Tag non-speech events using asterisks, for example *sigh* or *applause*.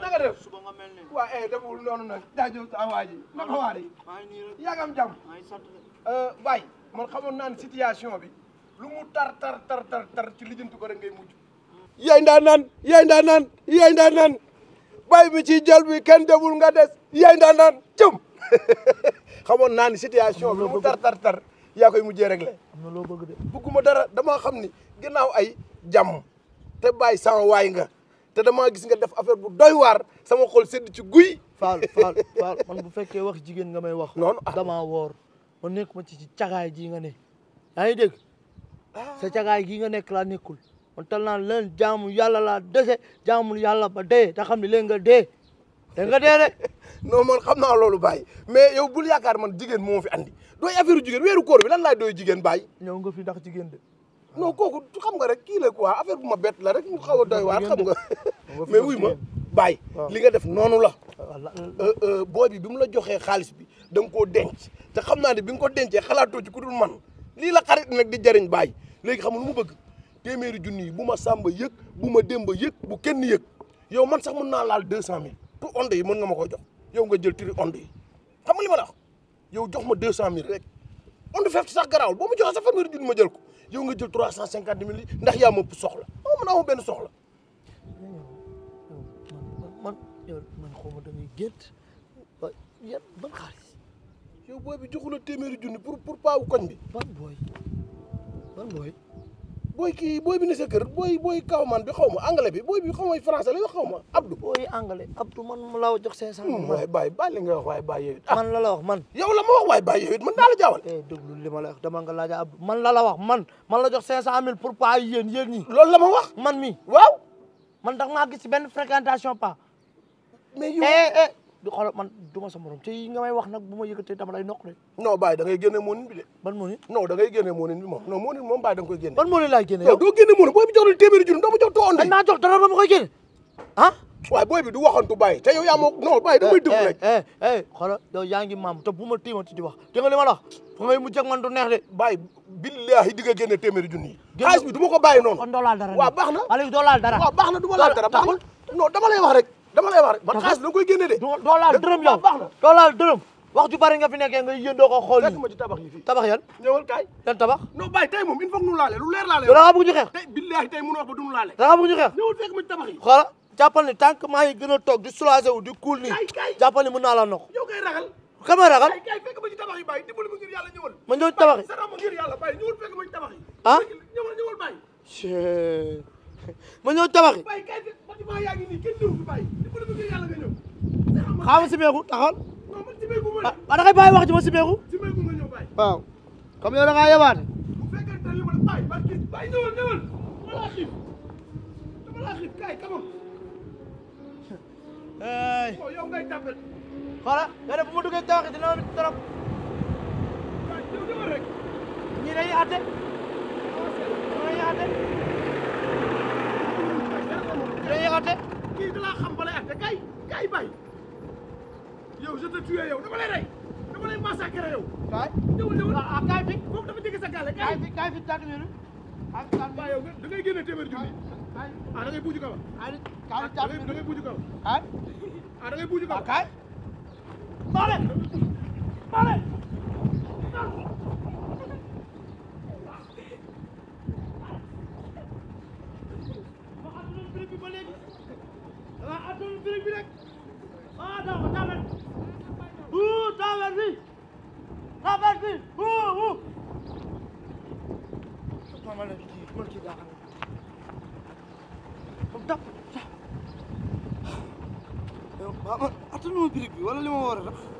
naka def waaw eh deful noonu nag jaajëf sa waa ji naka waa de yaa ngi am jàmm eh, waay man xamoon naan situation bi lu mu tar tar tar tar tar ci lijjantu ko rek ngay mujj yaay ndaa naan yaay ndaa naan yaay ndaa naan bàyyi bi ci jël bi kenn demul nga des yaay nda naan cëm *laughs* xamoon naa ni situation bi lu mu tar tar tar yaa koy mujjee réglé am na loo bëgg de bëgguma dara damaa xam ni ginnaaw ay jàmm te bàyyi sama waay nga té dama gis nga def affaire bu doy war sama xol sedd ci guuy fal fal fal man bu fekke wax jigen nga may wax. non ah. damaa woor ma nekk ma ci ci tiagaay ji nga ne. ay ngi ah. sa tiagaay gi nga nek la nekul on tal na leen jaamu yalla la dese jaamu yalla ba de ta xam ne leen nga de da nga de rek non man xam naa loolu mais yow bul yakar man jigen mo fi andi dooy affaire jigen wéru koor bi lan lay dooy jigen bay ñëw nga fi ndax jigen de. non kooku xam nga rek kii la quoi affaire bu ma bett la rek mu xaw a doy waar xam nga *laughs* mais wuy ma baay li nga def noonu la euh, euh, booy bi bi mu la joxee xaalis bi da nga koo denc te xam naa ne bi nga ko dencee xalaatoo ci ku dul man lii la xarit nag di jariñ bàyyi léegi xam nga lu mu bëgg téeméeri junni yi bu ma sàmba yëg bu ma démba yëg bu kenn yëg yow man sax mën naa laal deux cent mille pour onde yi mën nga ma ko jox yow nga jël tiri onde yi xam nga li ma la yow jox ma deux cent mille rek onde fefti sax garaawul boo ma joxee sa fanweeri junni ma jël ko yow nga jël trois cent cinquante mille ndax yaa ma soxla ah man benn soxla. man man man xaw ma da ngay gént yow booy bi joxu la junni pour pour paawu koñ bi. booy ban booy. booy kii booy bi ne sa kër booy booy kawman bi xaw ma anglais bi booy bi xaw ma français la yoo xaw ma Abdou. booy anglais Abdou man mu la jox 500. waay baay baay li nga wax waay baay yow ah, man la la wax man. yow la ma man naa la jaawal. eh déglu li ma la wax dama nga man la la wax man man la jox 500000 pour pas yéen yéen ñi. loolu la ma wax. man mi waaw. man ndax maa gis benn fréquentation pas. mais yow eh, eh. di xoolal man du ma sa morom te yi nga may nag bu ma yëkkatee dama lay nokk rek. non Baye da ngay génne moonin bi de. ban moonin. non da ngay génne moonin bi moom no moonin moom Baye da ko koy génne. ban moonin laay génne yow. doo génne moonin booy bi jox la téeméeri junni doo ma jox toon de. naa jox dara ba ma koy génne ah. waaye booy bi du waxantu Baye te yow yaa ma non Baye damay dëgg rek. Eh, eh, eh, xoolal yow yaa ngi maam te bu ma di wax dégg ma la wax fu man du neex de. Baye billahi di nga génne téeméeri junni yi. du ma ko bàyyi noonu. kon doo laal dara waaw baax na. waaw léegi doo laal dara na du ma laal dara baax na non wax rek dama lay wax rek man xaalis da nga koy génne de. doo laal dërëm yow doo laal dërëm. wax ju bari nga fi nekkee nga yéen doo ko xool yi ma ci tabax yi fii tabax yan ñëwal kaay yan tabax non bàyyi tey moom il faut ñu laale lu leer laale da nga bëgg ñu xeex tey billahi tey mënu wax ba duñu laale da nga bëgg ñu xeex ñëwal fekk ma ci tabax yi xoola jàppal ni tant que maa ngi gën a toog di soulager wu di kuul nii jàppal ni mën naa la noq yow kay ragal kan may ragal kay fekk ma ci tabax yi bàyyi dimbali ma ngir yàlla ñëwal ma ñëw ci tabax yi sa ram ngir yàlla bàyyi ñëwal fekk ma ci tabax yi ah ñëwal ñëwal bàyyi ma ñëw tabaxi xaaral ma simeeku taxawal ah, ah da ngay bàyyi wax ji ma simeeku waaw comme yow da bu dina ñi ah, ñi bëgg laa xam balay atte kay kay bay yow je te tué yow dama lay rey dama lay massacré yow. kay ñëwal ñëwal ah, ah kay fi foofu dafa jege sa gàlle kay fi kay fi tànn ñu ne. Ah, waaw yow da ngay génne téeméer junni ah, ah da ngay buuju kaw ah kay da ngay buuju kaw ah da ngay buuju kaw kay. Mbale Mbale. birig bi rek ah daaw daawer bi wuu daawer bi daawer bi wuu wuu. waaw man attanu ma birig bi wala li ma war a def.